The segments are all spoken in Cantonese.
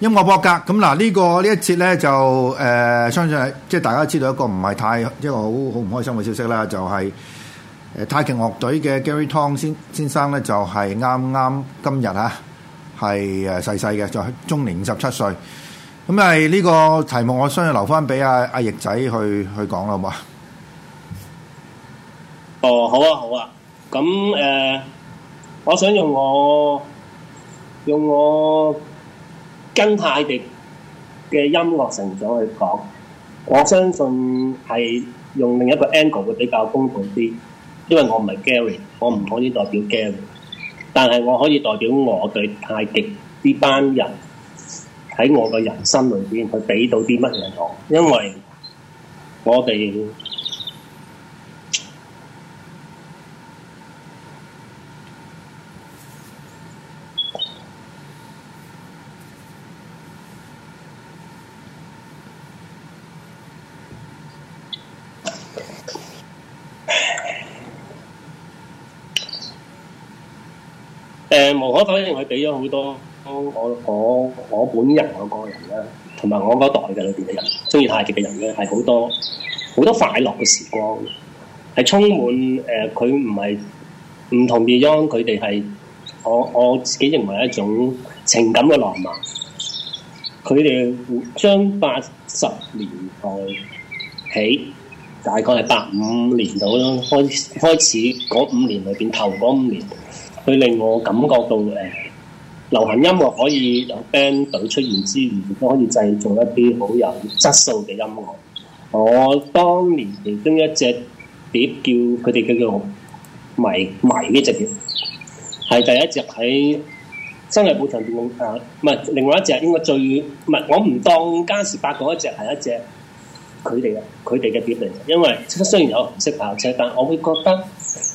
音樂博格咁嗱，這個、呢個呢一節咧就誒、呃，相信即係大家知道一個唔係太一個好好唔開心嘅消息啦，就係、是、誒、呃、太極樂隊嘅 Gary Tong 先先生咧就係啱啱今日吓係誒逝世嘅，就中年五十七歲。咁係呢個題目我相信、啊，我想留翻俾阿阿翼仔去去講啦，好嘛？哦，好啊，好啊，咁誒、呃，我想用我。用我跟太極嘅音樂成長去講，我相信係用另一個 angle 會比較公道啲，因為我唔係 Gary，我唔可以代表 Gary，但係我可以代表我對太極呢班人喺我嘅人生裏邊，佢俾到啲乜嘢我，因為我哋。我我肯定佢俾咗好多，我我我本人我個人啦，同埋我嗰代嘅裏邊嘅人，鍾意太極嘅人咧係好多，好多快樂嘅時光，係充滿誒，佢唔係唔同 Beyond，佢哋係我我自己認為一種情感嘅浪漫。佢哋將八十年代起，大概係八五年度啦，開開始嗰五年裏邊頭嗰五年。佢令我感覺到誒流行音樂可以有 band 隊出現之餘，亦都可以製造一啲好有質素嘅音樂。我當年其中一隻碟叫佢哋叫做迷迷呢隻碟，係第一隻喺新藝寶唱片誒，唔係另外一隻，應該最唔係我唔當嘉士伯嗰一隻係一隻佢哋啊，佢哋嘅碟嚟，因為雖然有紅色跑車，但我會覺得。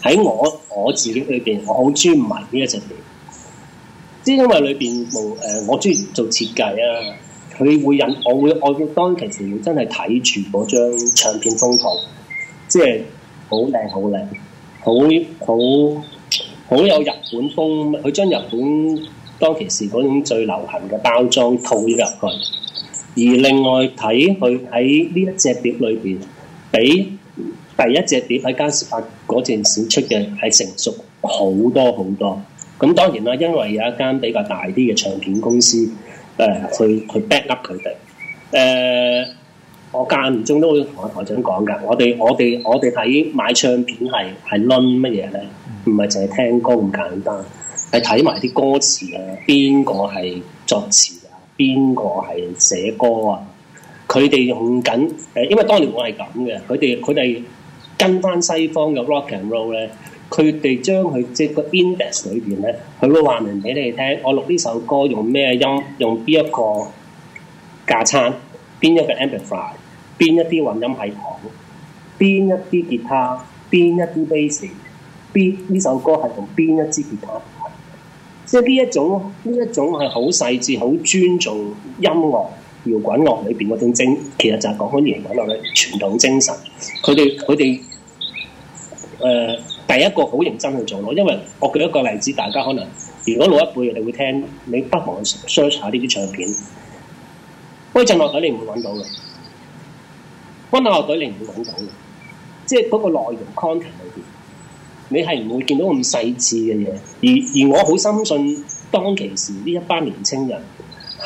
喺我我自己裏邊，我好專迷呢一隻碟，即係因為裏邊冇誒，我中意、呃、做設計啊。佢會引我會愛當其時，真係睇住嗰張唱片封圖，即係好靚好靚，好好好有日本風。佢將日本當其時嗰種最流行嘅包裝套咗入去，而另外睇佢喺呢一隻碟裏邊俾。第一隻碟喺嘉士發嗰陣時出嘅，係成熟好多好多。咁當然啦，因為有一間比較大啲嘅唱片公司，誒、呃、去去 back up 佢哋。誒、呃，我間唔中都會同我台長講噶，我哋我哋我哋睇買唱片係係論乜嘢咧？唔係淨係聽歌咁簡單，係睇埋啲歌詞啊，邊個係作詞啊，邊個係寫歌啊？佢哋用緊誒、呃，因為當年我係咁嘅，佢哋佢哋。跟翻西方嘅 rock and roll 咧，佢哋將佢即個 index 裏邊咧，佢會話明俾你聽，我錄呢首歌用咩音，用邊一個架撐，邊一個 amplifier，邊一啲混音系統，邊一啲吉他，邊一啲 bass，邊呢首歌係同邊一支吉他，即係呢一種呢一種係好細緻好尊重音樂。搖滾樂裏邊嗰種精，其實就係講緊搖滾樂嘅傳統精神。佢哋佢哋誒第一個好認真去做咯，因為我舉一個例子，大家可能如果老一輩，你會聽，你不妨去 search 下呢啲唱片。威震樂隊你唔會揾到嘅，溫拿樂隊你唔會揾到嘅，即係嗰個內容 content 裏邊，你係唔會見到咁細緻嘅嘢。而而我好深信，當其時呢一班年青人。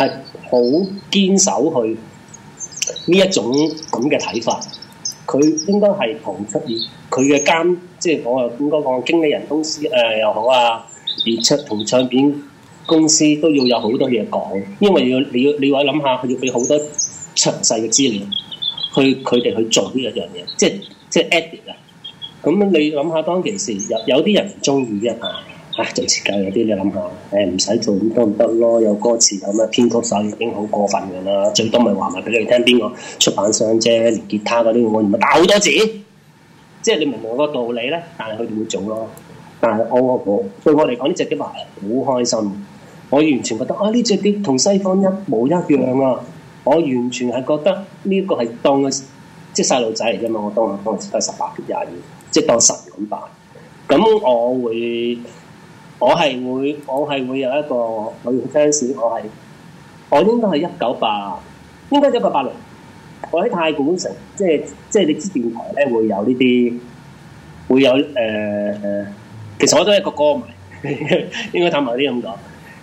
係好堅守去呢一種咁嘅睇法，佢應該係同出面佢嘅監，即係講應該講經理人公司誒、呃、又好啊，而出同唱片公司都要有好多嘢講，因為要你要你話諗下，佢要俾好多詳細嘅資料去佢哋去做呢一樣嘢，即係即係 edit 啊、嗯，咁你諗下當其時有有啲人唔中意嘅嚇。啊、做設計有啲你諗下，誒唔使做咁多唔得咯，有歌詞有咩編曲手已經好過分嘅啦，最多咪話埋俾你聽邊個出版商啫，連吉他嗰啲我唔係打好多字，即係你明唔明我個道理咧？但係佢哋會做咯。但係我我對我嚟講呢只啲話係好開心，我完全覺得啊呢只啲同西方一模一樣啊！我完全係覺得呢個係當嘅即係細路仔嚟啫嘛，我當我當時都係十八、廿二,二，即係當十年咁大。咁我會。我係會，我係會有一個我嘅 fans，我係我應該係一九八，應該一九八零。我喺太古城，即係即係你知電台咧，會有呢啲，會有誒。其實我都係一個歌迷，應該坦白啲咁講，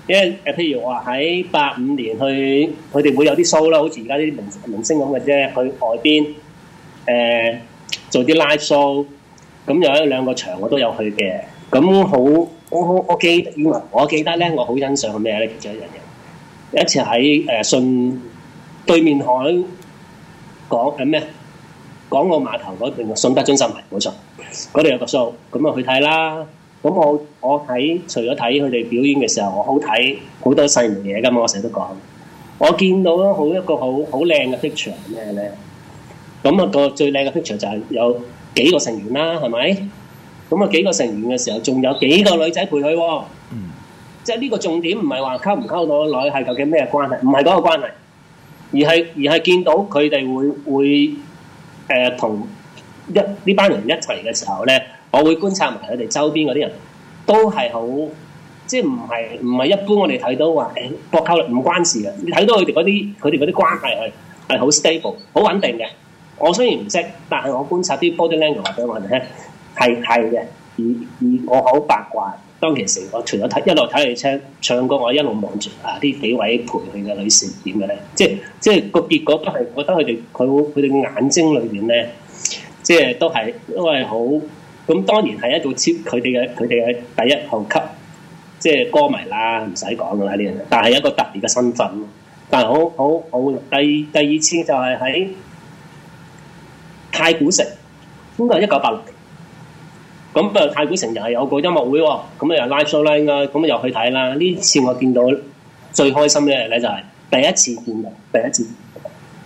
因為誒譬、呃、如我話喺八五年去，佢哋會有啲 show 啦，好似而家啲明明星咁嘅啫，去外邊誒、呃、做啲 live show，咁有一個兩個場我都有去嘅，咁好。我我我記，我記得咧，我好欣賞佢咩咧其中一樣嘢。一次喺誒順對面海講誒咩？港澳碼頭嗰邊嘅信德中心，冇錯，嗰度有個 show，咁啊去睇啦。咁我我睇除咗睇佢哋表演嘅時候，我好睇好多細微嘢噶嘛。我成日都講，我見到好一個好好靚嘅 picture 咩咧？咁啊、嗰個最靚嘅 picture 就係有幾個成員啦，係咪？咁啊，幾個成員嘅時候，仲有幾個女仔陪佢喎、啊。嗯。即係呢個重點唔係話溝唔溝到女係究竟咩關係，唔係嗰個關係，而係而係見到佢哋會會誒、呃、同一呢班人一齊嘅時候咧，我會觀察埋佢哋周邊嗰啲人，都係好即係唔係唔係一般我哋睇到話誒、欸、搏溝唔關事嘅，你睇到佢哋嗰啲佢哋啲關係係係好 stable 好穩定嘅。我雖然唔識，但係我觀察啲 body language 話俾我哋聽。係係嘅，而而我好八卦。當其時，我除咗睇一路睇佢唱唱歌，我一路望住啊呢幾位陪佢嘅女士點嘅咧。即即個結果都係覺得佢哋佢佢哋眼睛裏面咧，即係都係因為好。咁當然係一種超佢哋嘅佢哋嘅第一號級，即係歌迷啦，唔使講啦呢樣嘢。但係一個特別嘅身份，但係好好好。第第二次就係喺太古城，應該係一九八六年。咁不過，太古城又係有個音樂會喎、哦，咁啊又 live show 又啦，應該咁又去睇啦。呢次我見到最開心嘅咧就係第一次見，第一次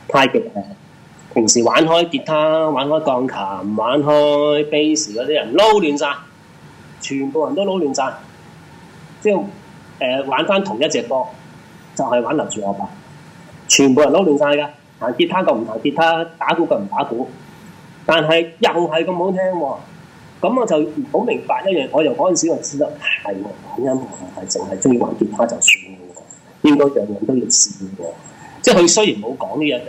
太極平時玩開吉他、玩開鋼琴、玩開 bass 嗰啲人撈亂晒，全部人都撈亂晒。即係誒、呃、玩翻同一隻歌，就係、是、玩留住我吧。全部人撈亂晒㗎，彈吉他就唔彈吉他，打鼓就唔打鼓，但係又係咁好聽喎、哦。咁、嗯、我就好明白一樣，我由嗰陣時我知得係玩音樂唔係淨係中意玩吉他就算嘅喎，應該樣樣都要試嘅喎。即係佢雖然冇講呢一樣，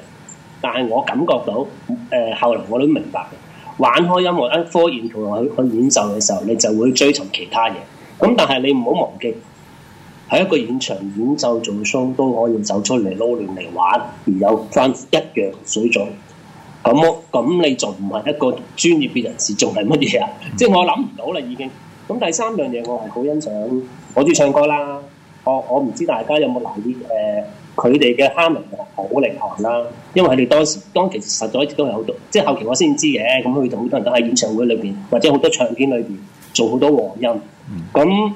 但係我感覺到，誒、呃、後嚟我都明白嘅。玩開音樂，一科研同埋去去演奏嘅時候，你就會追尋其他嘢。咁、嗯、但係你唔好忘記，喺一個現場演奏做 show 都可以走出嚟撈亂嚟玩，而有翻一樣水準。咁咁你仲唔係一個專業嘅人士，仲係乜嘢啊？即 係我諗唔到啦，已經。咁第三樣嘢我係好欣賞，我中意唱歌啦。我我唔知大家有冇留意誒，佢哋嘅 harmony 好厲害啦。因為佢哋當時當其實實在都係好多，即係後期我先知嘅。咁佢哋好多人都喺演唱會裏邊，或者好多唱片裏邊做好多和音。咁、嗯、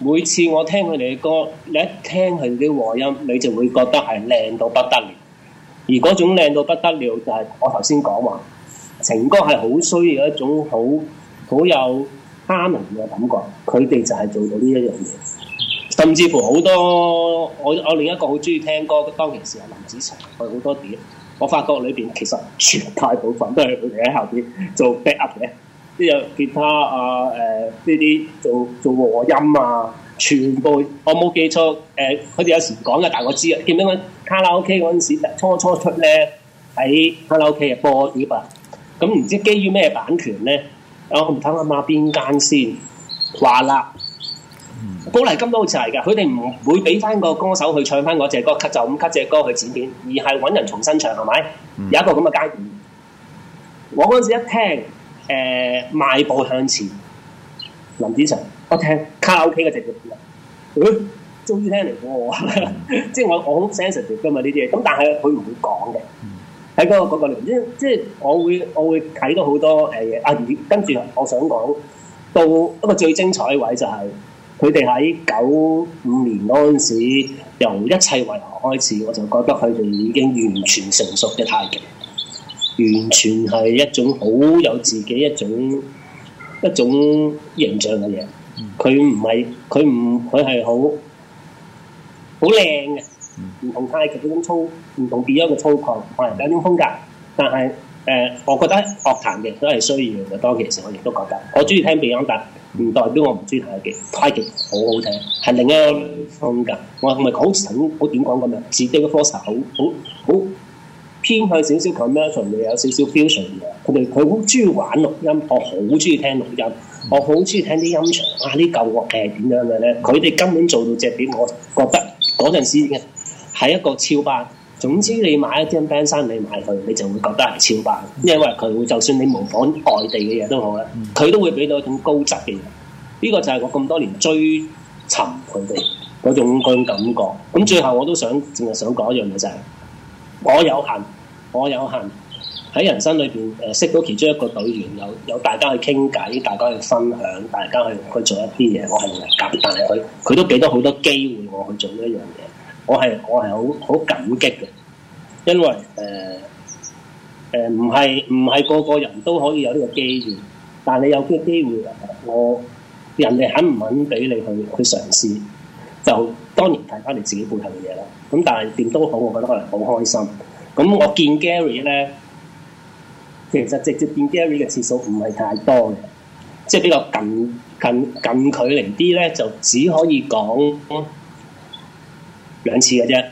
每次我聽佢哋嘅歌，你一聽佢哋啲和音，你就會覺得係靚到不得了。而嗰種靚到不得了就，就係我頭先講話，情歌係好需要一種好好有加盟嘅感覺，佢哋就係做到呢一樣嘢。甚至乎好多我我另一個好中意聽歌，當其時係林子祥，佢好多碟，我發覺裏邊其實絕大部分都係佢哋喺後邊做 back up 嘅，都有吉他啊，誒呢啲做做和音啊。全部我冇記錯，誒、呃，佢哋有時講嘅，但我知啊。見到佢卡拉 OK 嗰陣時，初初出咧喺卡拉 OK 嘅播碟啊，咁、嗯、唔、嗯、知基於咩版權咧？我唔睇下買邊間先話啦。寶麗金都好似係㗎，佢哋唔會俾翻個歌手去唱翻嗰隻歌，cut 就咁 cut 隻歌去剪片，而係揾人重新唱係咪？是是嗯、有一個咁嘅階段。我嗰陣時一聽誒，邁、呃、步向前。林子祥，我聽卡拉 O.K. 嘅直播，做、哎、終於聽嚟嘅、mm hmm. 我，即係我我好 sensitive 㗎嘛呢啲嘢，咁但係佢唔會講嘅。喺嗰個嗰個，那個、即係即係我會我會睇到好多誒阿宇，跟、哎、住、啊、我想講到一個最精彩嘅位就係佢哋喺九五年嗰陣時由一切為何開始，我就覺得佢哋已經完全成熟嘅太極，完全係一種好有自己一種，一種形象嘅嘢，佢唔係佢唔佢係好，好靚嘅，唔同太極嗰種操，唔同 Beyond 嘅操控，法，係一種風格。但係誒，我覺得樂壇嘅都係需要嘅。當其時，我亦都覺得，我中意聽 Beyond，唔代表我唔中意太極。太極好好聽，係另一個風格。我唔係講好好點講咁樣，自己嘅 c o 好好好。好好偏向少少 commercial 又有少少 fusion 嘅，佢哋佢好中意玩錄音，我好中意聽錄音，嗯、我好中意聽啲音場。哇、啊！啲舊樂器點樣嘅咧？佢哋根本做到隻碟，我覺得嗰陣時係一個超班。總之你買一張 band 衫，你買佢，你就會覺得係超班，嗯、因為佢會就算你模仿外地嘅嘢都好咧，佢都會俾到一種高質嘅。呢、這個就係我咁多年追尋佢哋嗰種嗰種感覺。咁最後我都想淨係想講一樣嘢就係、是。我有幸，我有幸喺人生裏邊，誒、呃、識到其中一個隊員，有有大家去傾偈，大家去分享，大家去去做一啲嘢。我係唔嚟夾，但係佢佢都俾到好多機會我去做呢一樣嘢。我係我係好好感激嘅，因為誒誒唔係唔係個個人都可以有呢個機會，但你有呢個機會，我人哋肯唔肯俾你去去嘗試？就當然睇翻你自己背後嘅嘢啦，咁但係點都好，我覺得可能好開心。咁我見 Gary 咧，其實直接見 Gary 嘅次數唔係太多嘅，即係比較近近近距離啲咧，就只可以講、嗯、兩次嘅啫。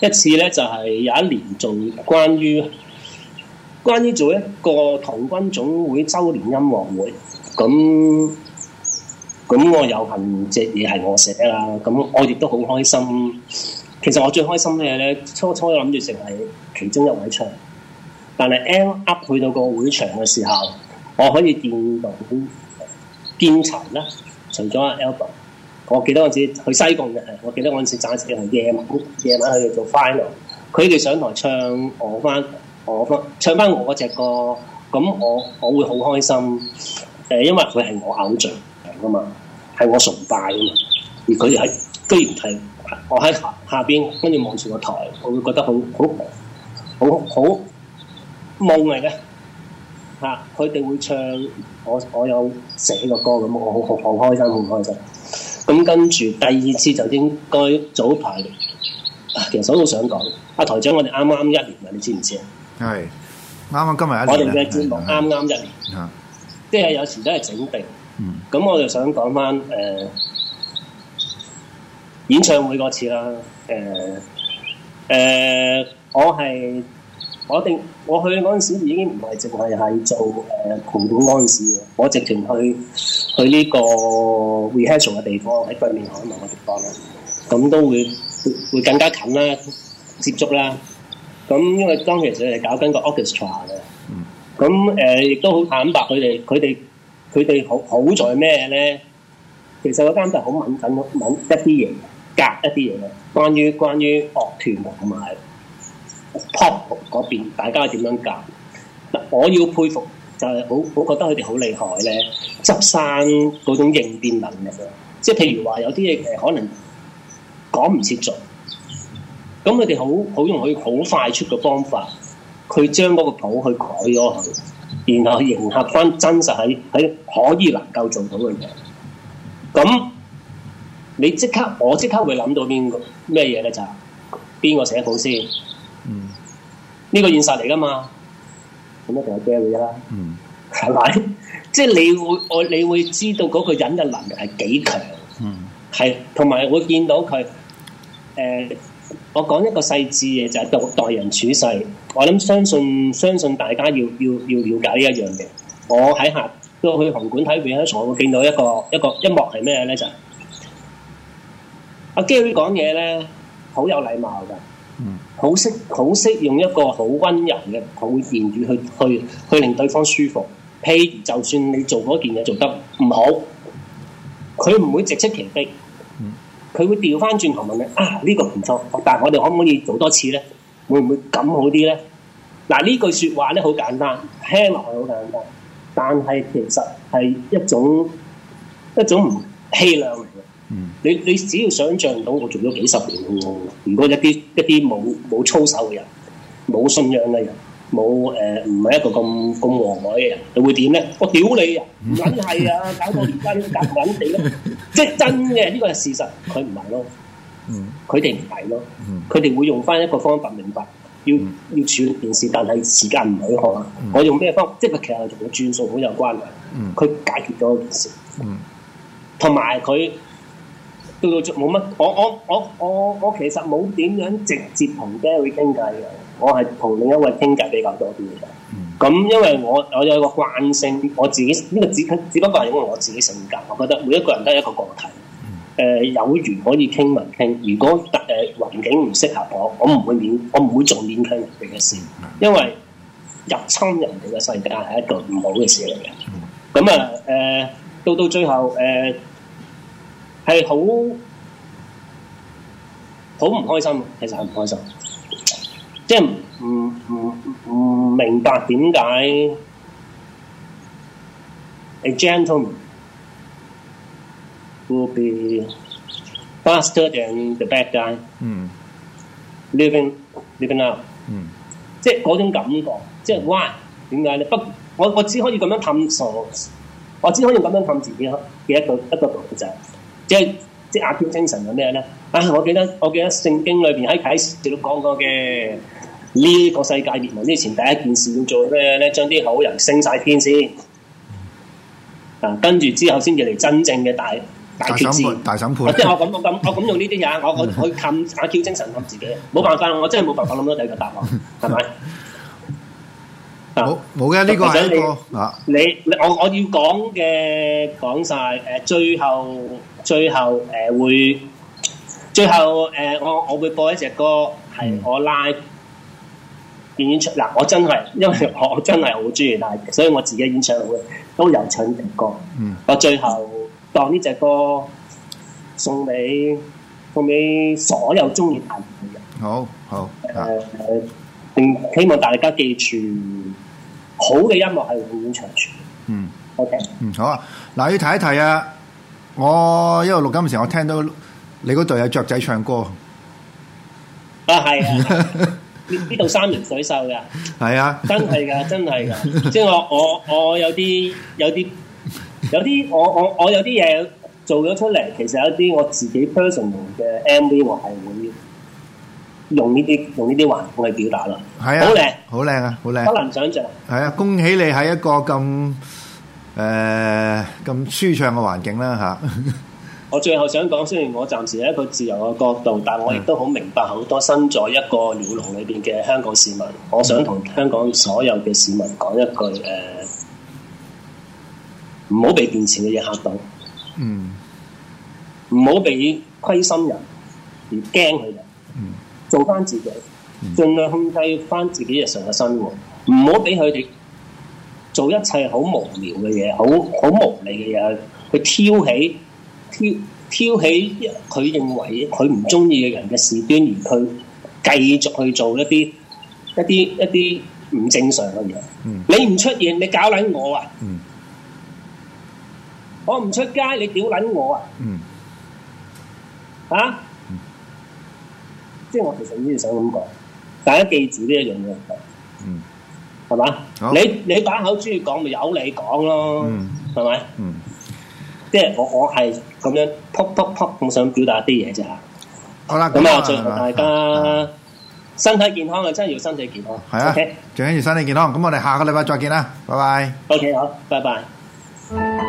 一次咧就係、是、有一年做關於關於做一個童軍總會周年音樂會咁。咁我有份隻嘢係我寫啦，咁我亦都好開心。其實我最開心嘢咧，初初諗住成為其中一位唱，但係 m up 去到個會場嘅時候，我可以見到堅沉啦。除咗阿 Albert，我記得我嗰陣時去西貢嘅，我記得我嗰陣時暫時夜晚夜晚喺度做 final，佢哋上台唱我返我返唱返我嗰隻歌，咁我我會好開心。誒，因為佢係我偶像。嘅嘛，係我崇拜嘅嘛，而佢哋喺，居然係我喺下下邊，跟住望住個台，我會覺得好好好好夢嚟嘅，嚇！佢哋、啊、會唱我我有寫嘅歌，咁，我好好開心，好開心。咁、啊、跟住第二次就應該早排嚟、啊，其實我都想講，阿、啊、台長，我哋啱啱一年啊，你知唔知啊？係啱啱今日我哋嘅節目啱啱一年，即係有時都係整定。咁、嗯、我就想講翻誒演唱會嗰次啦，誒、呃、誒、呃、我係我定我去嗰陣時已經唔係淨係係做誒古典安史，我直情去去呢個 rehearsal 嘅地方喺對面海某個地方啦，咁都會會更加近啦，接觸啦，咁因為當時其實係搞緊個 orchestra 嘅、嗯，咁誒亦都好坦白，佢哋佢哋。佢哋好好在咩咧？其實嗰間都好敏感，敏感一啲嘢，夾一啲嘢。關於關於樂團同埋 pop 嗰邊，大家點樣夾？嗱，我要佩服就係、是、好，我覺得佢哋好厲害咧，執生嗰種應變能力啊！即係譬如話有啲嘢誒，可能講唔切做，咁佢哋好好容易好快速嘅方法，佢將嗰個譜去改咗佢。然後迎合翻真實喺喺可以能夠做到嘅嘢，咁你即刻我即刻會諗到邊個咩嘢咧就邊、是、個寫稿先？嗯，呢個現實嚟噶嘛？咁一定有驚佢啦。嗯，係咪？即係你會我你會知道嗰個人嘅能力係幾強？嗯，係同埋會見到佢誒。呃我講一個細緻嘢就係、是、待人處世，我諗相信相信大家要要要了解呢一樣嘢。我喺下，過去紅館睇演唱會，我見到一個一個一幕係咩咧，就阿 Gary 講嘢咧，好有禮貌噶，好識好識用一個好溫柔嘅好言語去去去，去令對方舒服。譬如就算你做嗰件嘢做得唔好，佢唔會直斥其非。佢會調翻轉頭問你啊，呢個唔錯，但係我哋可唔可以做多次咧？會唔會咁好啲咧？嗱，呢句説話咧好簡單，聽落去好簡單，但係其實係一種一種唔氣量嚟嘅。嗯，你你只要想像到我做咗幾十年嘅嘢，如果一啲一啲冇冇操守嘅人，冇信仰嘅人。冇誒，唔係、呃、一個咁咁和藹嘅人，你會點咧？我屌你啊，唔揾係啊，搞到而家咁揾地咯，即係真嘅，呢個係事實，佢唔係咯，嗯，佢哋唔係咯，佢哋會用翻一個方法，明白，要要處理件事，但係時間唔係好好啊，我用咩方法？即係其實同我轉數好有關嘅，佢解決咗件事，嗯，同埋佢到到最冇乜，我我我我我其實冇點樣直接同 Gary 傾偈嘅。我係同另一位傾偈比較多啲，嘅。咁因為我我有一個慣性，我自己呢、這個只只不過係因為我自己性格，我覺得每一個人都係一個個體，誒有緣可以傾文傾，如果誒、呃、環境唔適合我，我唔會勉我唔會做勉強人哋嘅事，因為入侵人哋嘅世界係一個唔好嘅事嚟嘅，咁啊誒到、呃、到最後誒係好好唔開心，其實係唔開心。即係唔唔唔唔明白點解 a gentleman will be faster than the bad guy，living living now，即係嗰種感覺，即係 why 點解咧？不，我我只可以咁樣探索，我只可以咁樣探自己嘅一個一個動靜。即係即係亞伯精神係咩咧？啊，我記得我記得聖經裏邊喺啟示錄都講過嘅。呢個世界滅亡之前，第一件事要做咩咧？將啲好人升晒天先，嗱，跟住之後先至嚟真正嘅大大決戰。大審判，大審判。即係我咁，我咁，我咁用呢啲嘢，我我去冚阿 Q 精神冚自己，冇辦法，我真係冇辦法諗到第二個答案，係咪 吧？好，冇嘅，呢、這個呢個，嗱，哎、你你我我要講嘅講晒，誒、呃，最後最後誒會，最後誒、呃呃呃、我我，我，我會播一隻歌，係我拉。嗯演出嗱，我真係，因為我真係好中意大碟，所以我自己演唱會都有唱呢個。嗯、我最後當呢隻歌送俾送俾所有中意大碟嘅人。好好，誒、啊呃，希望大家記住，好嘅音樂係會永遠長存。嗯，OK，嗯，okay? 好啊。嗱，要提一提啊，我因為錄音嘅時候，我聽到你度有雀仔唱歌。啊，係、啊。 呢度山明水秀噶，係啊，真係噶，真係噶。即係我我我有啲有啲有啲我我我有啲嘢做咗出嚟，其實有啲我自己 personal 嘅 MV 我係會用呢啲用呢啲環境去表達啦。係啊，好靚，好靚啊，好靚，好難想象。係啊，恭喜你喺一個咁誒咁舒暢嘅環境啦，吓。我最後想講，雖然我暫時喺一個自由嘅角度，但係我亦都好明白好多身在一個鳥籠裏邊嘅香港市民。我想同香港所有嘅市民講一句誒，呃，唔好被騙錢嘅嘢嚇到，嗯，唔好被虧心人而驚佢哋，做翻自己，儘量控制翻自己日常嘅生活，唔好俾佢哋做一切好無聊嘅嘢，好好無理嘅嘢去挑起。挑挑起佢認為佢唔中意嘅人嘅事端，而佢繼續去做一啲一啲一啲唔正常嘅嘢。嗯，你唔出現，你搞撚我啊！嗯，我唔出街，你屌撚我啊！嗯，啊，即係我其實已經想咁講，大家記住呢一樣嘢。嗯，係嘛？你你把口中意講，咪由你講咯。嗯，係咪？嗯，即係我我係。咁樣，撲撲撲，我想表達啲嘢啫嚇。好啦，咁啊，最後同大家身體健康啊，真係要身體健康。係啊，OK，最緊要身體健康。咁我哋下個禮拜再見啦，拜拜。OK，好，拜拜。